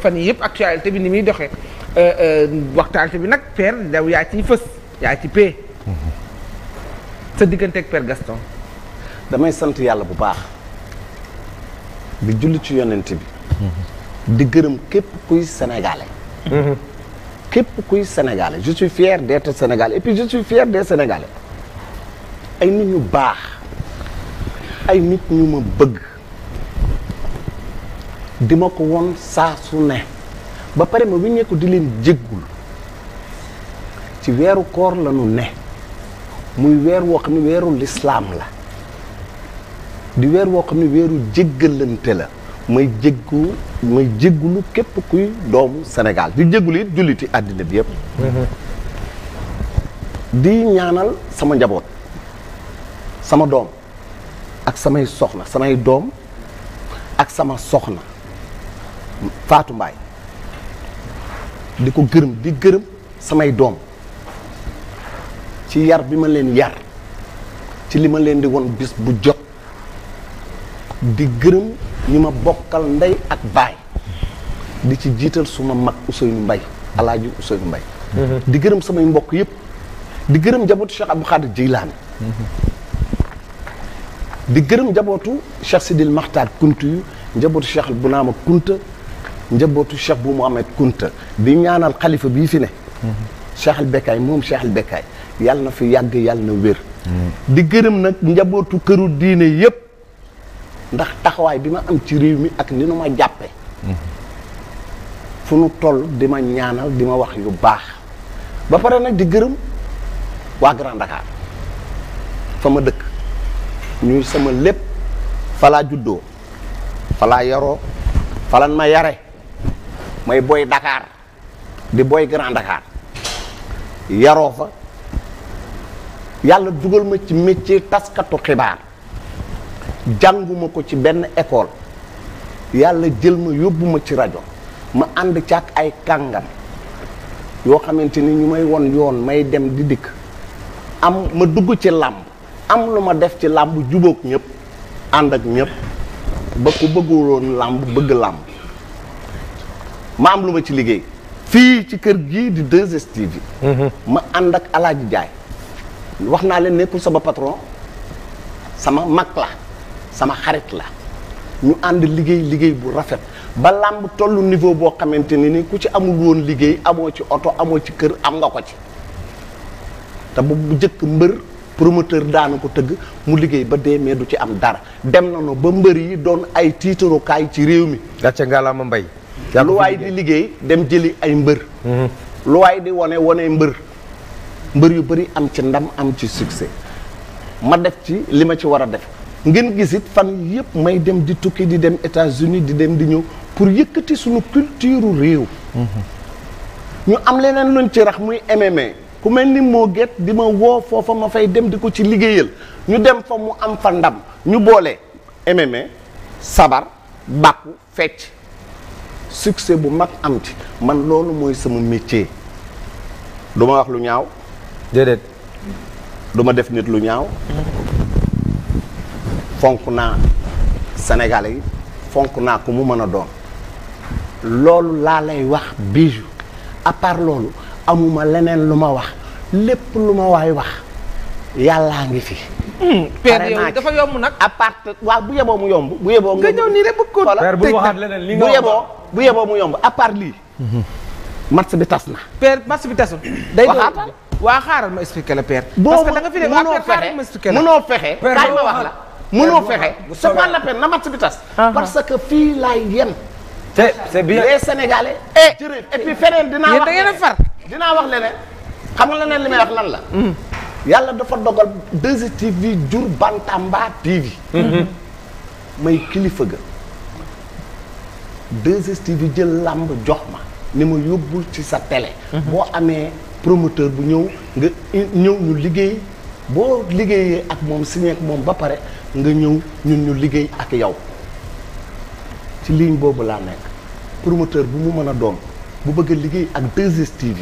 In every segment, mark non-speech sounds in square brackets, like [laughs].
fan yii yëpp actualité bi ni muy doxee euh, euh, waxtaante bi nag père daw yaa ciy fës yaa ci pee sa diggante ak Gaston. damay sant yàlla bu baax di julli ci yonent bi. di gërëm képp kuy sénégalais. képp kuy sénégalais je suis fier d'être sénégalais et puis je suis fier des sénégalais. ay nit ñu baax ay nit ñu ma bëgg. di ma ko won saa su ne ba pare ma wiññeeku di leen jéggul ci weeru koor lanu ne muy weer woo xam ne weeru lislaam la di weer woo xam ne weeru jéggalante la may jéggu may jéggulu képp kuy doomu senegaal di jéggulu it julliti àddina bi yëpp di ñaanal sama njaboot sama doom ak samay soxna samay doom ak sama soxna faatu mbaay di ko gërëm di gërëm samay doom ci yar bi ma leen yar ci li ma leen di won bis bu jot di gërëm ñi ma bokkal ndey ak baay di ci jiital suma mag Ousseynou Mbaye Alaaji Ousseynou Mbaye mm-hmm. di gërëm samay mbokk yépp di gërëm njabootu Cheikh Abdou Khadir Jeylaani mm-hmm. di gërëm njabootu Cheikh Sidil Maxtaar Kunta yu njabootu Cheikh Bunaama Kunta njabootu Cheikh bu Mouhamed Kunta di ñaanal xalifa bii fi ne Cheikh al Bekkaay moom Cheikh al Bekkaay yàlla na fi yàgg yàlla na wér di gërëm nag njabootu këru diine yëpp ndax taxawaay bi ma am ci réew mi ak ni nu ma jàppe fu nu toll di ma ñaanal di ma wax yu baax ba pare nag di gërëm waa Grand Dakar fa ma dëkk ñuy sama lépp falaa juddoo falaa yaroo falan ma yare mooy booy Dakar di booy Grand Dakar yaroo fa yàlla dugal ma ci métier taskatu xibaar jànguma ko ci benn école yàlla jël ma yóbbu ma ci rajo ma ànd ci ak ay kàngam yoo xamante ni ñu may won yoon may dem di dikk am ma dugg ci làmb am lu ma def ci làmb jubook ñëpp ànd ak ñëpp ba ku bëgguloon làmb bëgg làmb ma am lu ma ci liggéey fii ci kër gii di 2STV mhm. ma ànd ak Alaaji Jaay wax naa leen nekkul sama patron sama mag la sama xarit la ñu ànd liggéey liggéey bu rafet ba làmb tollu niveau boo xamante ni ni ku ci amul woon liggéey amoo ci oto amoo ci kër am nga ko ci te bu bu njëkk mbër promoteur daana ko tëgg mu liggéey ba dee mais du ci am dara dem nañu ba mbër yi doon ay tiitarukaay ci réew mi. gàcce ngalaama mbay. lu waay di liggéey dem jëli ay mbër mhm. lu waay di wane wane mbër mbër yu bari am ci ndam am ci succès ma def ci li ma ci war a def ngeen gis fan yëpp may dem di tukki di dem États-Unis di dem di ñëw pour yëkkati suñu culture réew mhm. ñu am leneen luñ ci rax muy MMA ku mel ni moo get di ma woo foofa ma fay dem di ko ci liggéeyal ñu dem fa mu am fa ndam ñu boole mm sabar bàkku fecc succès bu mag am ci man loolu mooy sama métier duma wax lu ñaaw déedéet du def nit lu ñaaw fonk naa Sénégalais yi fonk naa ko mu mën a doon loolu laa lay wax bijou à loolu amuma leneen lu ma wax lépp lu ma waay wax yàllaa ngi fi. Hmm, père yow dafa yomb nag. à waa bu yeboo mu yomb bu yeboo. nga ñëw nii rek bu ko. père leneen li nga bu yeboo. bu yeboo mu yomb à part lii. match bi tas na. père match bi tas day waa xaaral ma expliqué la père. parce que da nga fi nekk waa père ma expliqué la munoo fexe kaay ma wax la. munoo na match bi tas. Ah, ah. parce que fii laay yem. c'est c'est bien les sénégalais. Eh, eh, et et feneen dinaa wax yéen da ngeen dinaa wax leneen xam nga leneen li may wax lan la. Hmm. yàlla dafa dogal 2STV jur Bantamba TV. Hmm. may kilifa ga. 2STV jël làmb jox ma ni ma yóbbu ci sa télé. Mhm. boo amee promoteur bu ñëw nga ñëw ñu liggéey boo liggéeyee ak moom signé ak moom ba pare nga ñëw ñun ñu liggéey ak yow ci ligne boobu laa nekk promoteur bu mu mën a doon bu bëgg a liggéey ak 2STV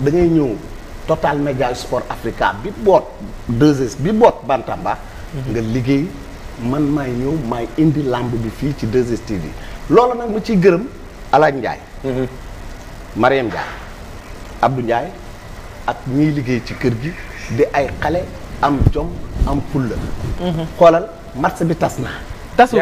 da ngay ñëw Total Média Sport Africa bi boot 2S bi boot Bantamba. Mhm. nga liggéey man maay ñëw maay indi làmb bi fii ci 2STV. loolu nag mu ciy gërëm alaaj Ndiaye. Mhm. Mariam Ndiaye Abdou Ndiaye ak ñiy liggéey ci kër gi di ay xale am jom am fulla mhm. xoolal marché bi tas na tasul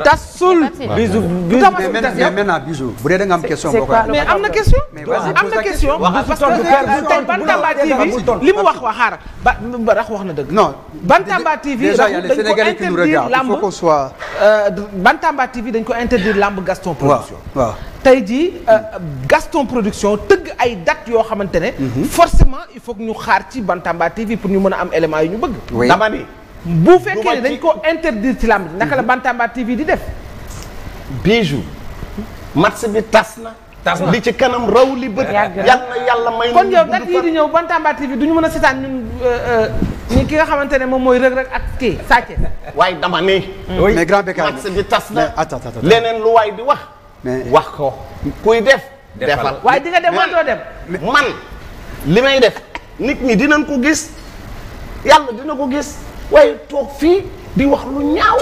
tasul tasul. bisu bisu mais maintenant bisu. bu dee da question boo ko mais am TV li wax waxaara ba rax wax na dëgg. non Bantamba TV dañ ko interdire lamb euh, dañ ko interdire lamb Gaston Production. waaw tey jii euh, Gaston Production tëgg ay date yoo xamante ne. Mhm. forcément il faut que ñu xaar ci Bantamba TV pour ñu mën a am élément yu ñu bëgg. bu fekkee ne dañ ko interdire ci làmb naka la mhm. Bantamba TV di def. bijou match bi tas na. tas na li ci kanam raw li bët. yàlla na yàlla may kon yow dat yi ñëw Bantamba TV du ñu mën a seetaan ñun euh, euh, ñi ki nga xamante ne moom mooy Reug Reug ak kii Sa waaye dama ne. Mm. mais grand bécard match bi tas na leneen lu waay di wax. wax ko kuy def. defal waaye di nga dem wantoo dem. man li may def nit ñi dinañ ko gis yàlla dina ko gis. waaye toog fii di wax lu ñaaw.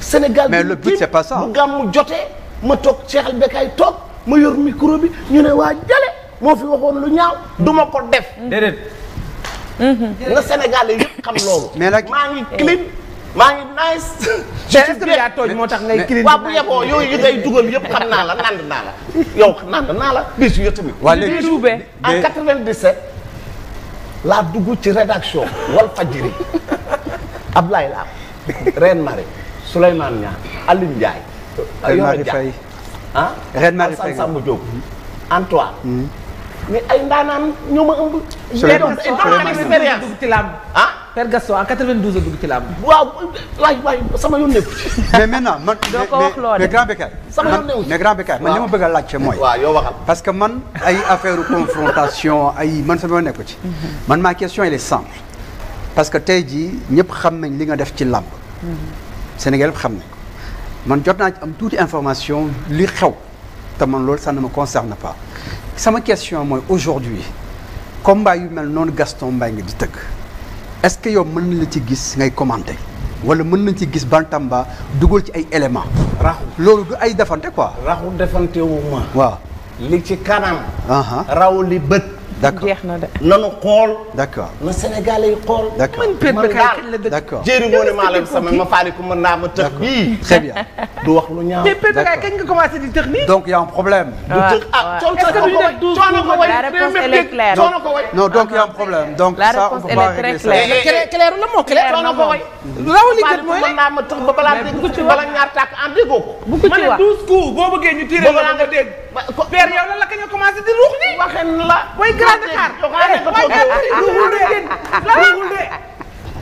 Sénégal mais le but c'est pas ça bu gàmmu jotee ma toog Cheikh Al Bekkay toog ma yor micro bi ñu ne waa Jalle moo fi waxoon lu ñaaw du ma ko def. déedéet. Mmh. nga Sénégalais yëpp xam loolu. mais nag maa ngi clean maa ngi nice. je suis bien yaa tooñ moo tax ngay clean. waaw bu yeboo yooyu yi ngay dugal yëpp xam naa la nand naa la yow nand naa la bis yu tamit. waa léegi en 97. laa dugg ci rédaction Walfadjri Ablaye Lam Reine Marie Souleymane Niang Alioune Ndiaye. Reine Marie Faye ah Reine Marie Faye Samba Diop Antoine. Hmm. mais ay ndaanaan ñoo ma ëmb. expérience dugg ci làmb ah Père Gaston en a dugg ci làmb waaw waay sama yoon nekk mais maintenant man [laughs] mais grand bécaye sama yoon nekk mais grand bécaye man li ma bëgg a laajte mooy waaw parce que man ay affaire confrontation ay man sama yoon nekk ci mhm. man ma question elle est simple parce que tey jii ñëpp xam nañ li nga def ci làmb. Mm-hmm. Sénégal yëpp xam nañ man jot naa ci am tuuti information li xew te man loolu ça ne me concerne pas sama question mooy aujourd'hui combat yu mel noonu Gaston ngi di tëgg est-ce que yow mën na la ci gis ngay commenter wala mën nañ ci gis Bantamba dugal ci ay éléments. raxu loolu du ay defante quoi. raxu defante wu li ci kanam. raw li bët. d'accord jeex na de. nanu xool. d'accord na Sénégalais yi xool. d'accord man daal d'accord jéeri moo ne maa leen sama ma faali ko mën naa ma tëx bii. [laughs] très bien du wax lu ñaaw. d'accord mais PPK kañ nga commencé di tëx nii. donc y a un problème. waaw ah, waaw est-ce que duñu def douze jours la réponse elle est claire. non donc y a un ah, problème donc ça on peut pas régler ça. claire la moo claire. coono ko way rawali kat mooy mën naa ma tëx ba balaa dégg ci bala ñaar tàkk en ah, déggoo ko. bu ko ci wax ma ne douze coups boo bëggee ñu tiré la nga dégg. père yow lan la kañ nga commencé di ruux nii. waxen la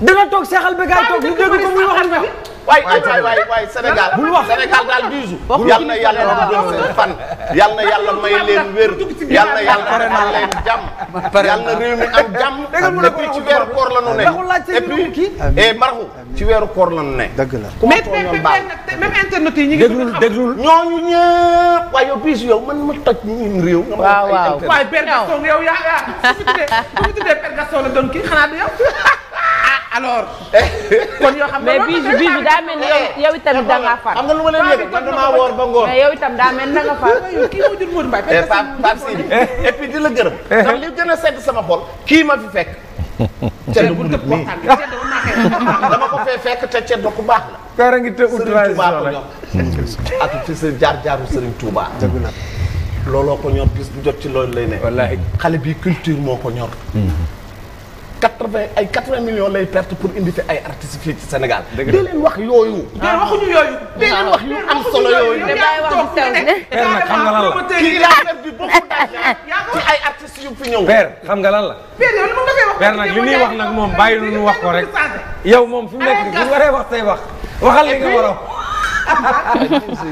danga toog seexal ba gaay toog lu dégg ko muy wax waay waay waay waay Sénégal Sénégal daal bisu. yal na yàlla guddal seen fan. yal na yàlla may leen wér. yal na yàlla may leen jàmm. yal na réew mi am jàmm. et puis ci weeru koor la ñu ne. et puis et eh, Marou ci weeru koor la ñu ne. dëgg la ku ma tooñoon baal même internet yi ñu ngi. déglul déglul ñooñu ñëpp. waaye yow bisu yow man ma toj ñun réew. waaw waaw waaye Père Gaston yow yaa yaa su ñu tuddee su ñu tuddee Père Gaston la doon kii xanaa du yow. [laughs] alors. [laughs] kon yoo xam mais bii bii bi daa mel ni yow yow itam da ngaa far. xam nga ba ngoon. mais yow itam daa mel na nga far. [laughs] kii moo jur Modou eh, di la gërëm. [laughs] ndax li gën a sedd sama bool kii ma fi fekk. ceddo bu tëb waxtaan bi ceddo bu naxee dama ko fee fekk te ceddo ku baax la. kaara ngi ak ci sa jaar jaaru Serigne Touba. dëgg la looloo ko ñor bis bu jot ci loolu lay ne. wallaahi xale bii culture moo ko ñor. Mm-hmm. quatre vingt ay quatre vingt millions lay perte pour indi fi i artistes fii ci Sénégal. dëgg la di leen wax yooyu. ah, ah. wax yu yooyu. xam nga lan la. kii laa def bi beaucoup d'argent ay artistes yu fi ñëw. père xam nga lan la. père nag li muy wax moom bàyyi lu ñu wax ko rek. yow moom fi mu nekk nii bu wax tey wax. waxal li nga war a wax.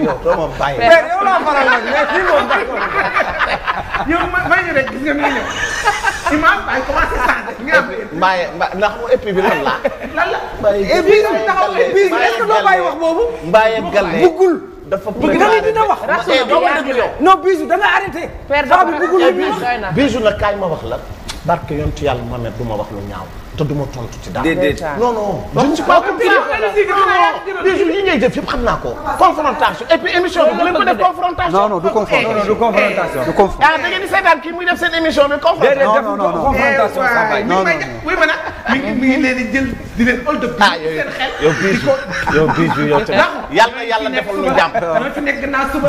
yow doo ma yow laa faral nag mais kii moom [laughs] yow may ñu rek gis nga mi imaam bàyyi commencé sànni nga am. mbaaye mba mu épi bi lan la. lan la mbaaye gàllé bi taxaw épi bi wax boobu. mbaaye gàllé buggul. dafa bëgg naa dina wax. rasul eh, doo ma déglu yow non bi buggul lu ñu wax ma wax la. barke ci yàlla Mohamed du ma wax lu ñaaw. te du ma tontu ci dara. déedéet non non. je ne suis pas comme toujours yi ngay def yëpp xam naa ko. confrontation et puis émission bi. bu ko def confrontation. non non du confrontation du confrontation. du confrontation ah da ngeen di seetaan kii muy def seen émission bi confrontation. non non non confrontation sax non non non mi ngi leen di jël di leen ëllëg. ah yooyu yow bisu yow bisu yow tamit. yàlla yàlla defal lu jàmm.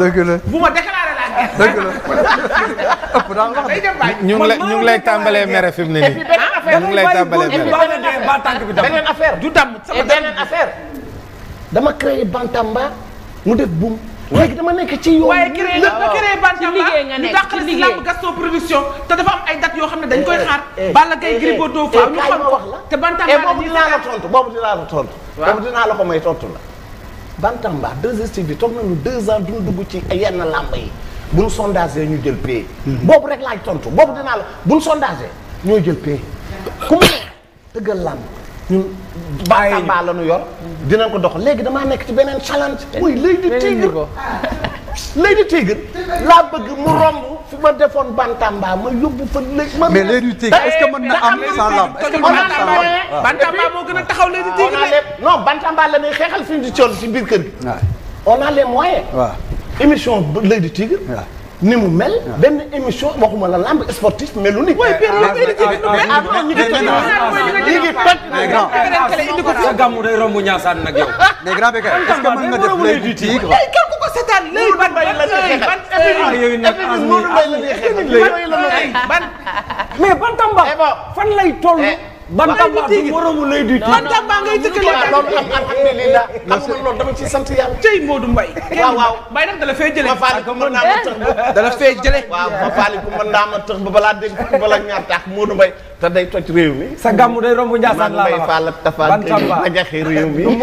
dëgg la bu ma déclaré dëgg la ëpp daal wax ñu ngi lay ñu ngi lay tàmbalee mere fi mu ne nii. ñu ngi lay tàmbalee affaire du dam sama beneen affaire dama créé bantamba mu def buum. léegi dama nekk ci yow. waaye créé nga créé bantamba ñu dàqal production te dafa am ay dates yoo xam ne dañ koy eh, xaar. Eh, Balla Gaye eh, Gris Bordeaux faaw ñu xam te bantamba la boobu dinaa la tontu boobu dinaa la tontu. waaw a dinaa la ko may tontu la. bantamba 2STV bi toog nañu 2 ans duñu dugg ci yi bu ñu ñu jël pay. boobu rek laay tontu boobu dinaa la bu ñu sondagé ñooy jël pay. ku mu ne tëggal la ñu yor. dinañ ko dox léegi damaa nekk ci beneen challenge. muy lay di tigre [laughs] lay di tigre laa bëgg mu romb. ma defoon bantamba ma yóbbu fa léegi. mais na am eh, sans lamb est-ce que moo gën a taxaw léegi tigre non bantamba la ñuy xeexal fi mu di si biir kër gi. on a les moyens. émission L'Oeil du Tigre. ni mu mel. benn émission waxuma la lamb sportif mais lu ni. mais avant ñu ngi toj. sa yow. mais grand Bécaye est-ce que mën nga def L'Oeil du Tigre. ku ko seetaan a ban ban. yooyu nag ban. mais fan lay toll. ban tamba du moromu lay du ban tamba ngay tëkkale alhamdulilah am na loolu dama ci sant yàlla tey Modou Mbaye waaw waaw Mbaye nag dala fee jële ma faali ko mën naa ma tëx ba dala fee jële waaw ma faali naa ma tëx ba balaa dégg fukk balaa ñaar taax moo Mbaye te day toj réew mi sa gàmmu day romb Ndiassane laa la wax ban tamba rajaxe réew mi [laughs]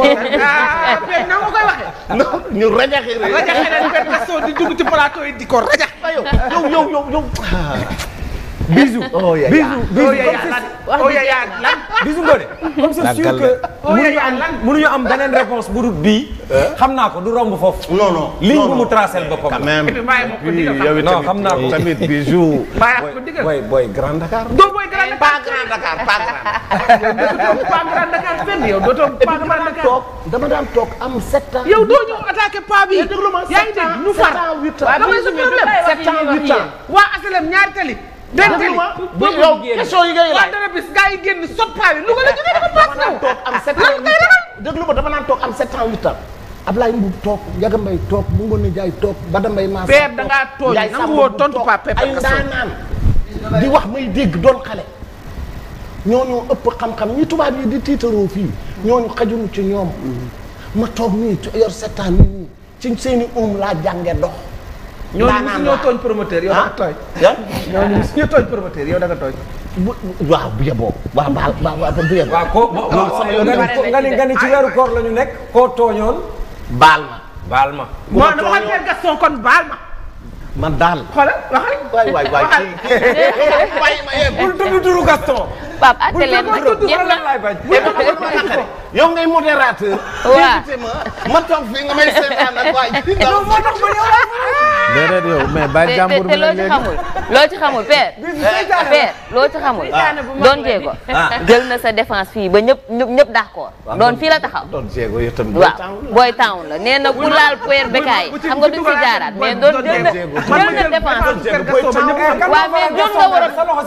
ah, na ma koy waxe ñu rajaxe réew rajaxe leen benn personne di yi di ko rajax yow yow yow yow bisou. oh yaya bisou bisou comme c'est oh, sûr que oh, mënuñu am mënuñu am beneen bu dul bii. Eh? naa ko du romb foofu. non non ligne bu mu tracé boppam. Eh, quand même non xam naa ko tamit bisou. [laughs] boy boy Grand Dakar. doo boy Grand eh, Dakar pas Grand Dakar pas Grand. [laughs] dootoo pas Grand Dakar fenn Grand Dakar. dama daan doo ñëw paa bi. yaa ngi dégg ñu far. sept ans huit waa ASLM ñaari tali dégg nga bu yow question yi ngay laaj dana bis gars yi génn soppaay lu nga la jógee dafa paas na toog am sept ans huit ans déglu ma toog am sept ans huit ans Ablaye Mboub toog Ndiaga Mbaye toog bu Ngoné Ndiaye toog Bada Mbaye Mass père da ngaa tooñ nangu ay ndaanaan di wax may dégg doon xale ñoo ëpp xam-xam ñi tubaab yi di tiitaroo fii ñooñu xajunu ci ñoom mm-hmm. ma toog nii yor sept nii ci seeni um laa jànge dox ñooñu ñoo ah? tooñ promoteur yow da nga tooñ. ñooñu mosu ñoo tooñ promoteur yow da nga tooñ. baal waaw waaw koo nga ni nga ni ci weeru koor la ñu nekk koo tooñoon. baal ma. baal ma. bu ma tooñoon waxal Père Gaston kon baal ma. man daal. xoolal waxal. waay waay waay kii bul tudd turu Gaston. Pape àtte leen ma yow ngay modérateur. waaw invité ma ma toog fii nga déedéet yow mais bàyyi jàmbur bi loo ci xamul loo ci xamul père. [laughs] père loo ci xamul. doon jéego [laughs] ah. jël na sa défense fii ba ñëpp ñëpp d' accord. doon fii la taxaw. doon jéego yow tamit waaw booy taawun la nee na ku laal père Bécaye nga duñ ci jaaraat mais doon jël na jël na défense. doon nga war a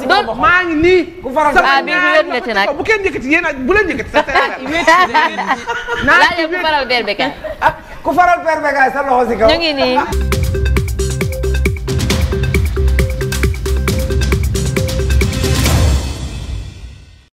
doon. maa ngi nii. ku faral ah, di ah bii wéet nga ci nag. bu kenn a bu [laughs] a. Ah, ku faral père Bécaye sa loxo si kaw. ñu ngi nii.